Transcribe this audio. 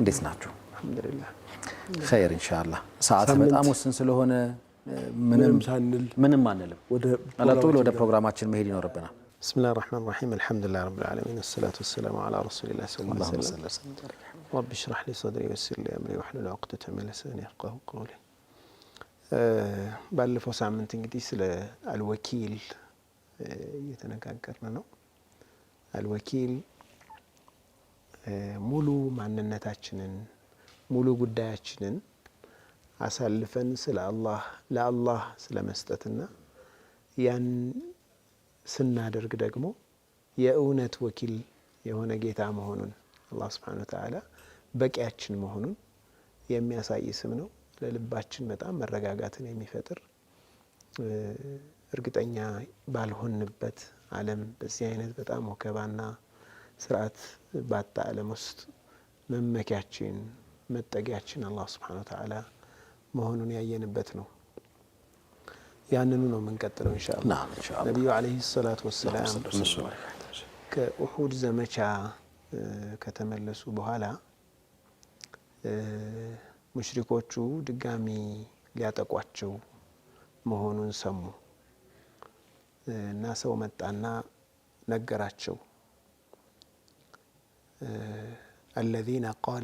እንዴት ናችሁ? ኸይር ኢንሻላህ። ሰዓት በጣም ውስን ስለሆነ ምንም ሳንል ምንም አንልም፣ ለጥሎ ወደ ፕሮግራማችን መሄድ ይኖርብናል። بسم الله الرحمن الرحيم الحمد لله رب العالمين والصلاة والسلام على رسول الله صلى الله عليه وسلم رب اشرح لي صدري ويسر لي أمري واحلل عقدة من لساني يفقهوا قولي ባለፈው ሳምንት እንግዲህ ስለ አልወኪል እየተነጋገርን ነው አልወኪል ሙሉ ማንነታችንን ሙሉ ጉዳያችንን አሳልፈን ስለ አላህ ለአላህ ስለ መስጠትና ያን ስናደርግ ደግሞ የእውነት ወኪል የሆነ ጌታ መሆኑን አላህ ስብሓነ ወተዓላ በቂያችን መሆኑን የሚያሳይ ስም ነው። ለልባችን በጣም መረጋጋትን የሚፈጥር እርግጠኛ ባልሆንበት ዓለም በዚህ አይነት በጣም ወከባና ስርዓት ባጣ ዓለም ውስጥ መመኪያችን መጠጊያችን አላህ ስብሓነ ወተዓላ መሆኑን ያየንበት ነው። ያንኑ ነው የምንቀጥለው ኢንሻአላህ። ነቢዩ ዓለይሂ ሰላቱ ወሰላም ከኡሑድ ዘመቻ ከተመለሱ በኋላ ሙሽሪኮቹ ድጋሚ ሊያጠቋቸው መሆኑን ሰሙ እና ሰው መጣና ነገራቸው። الذين قال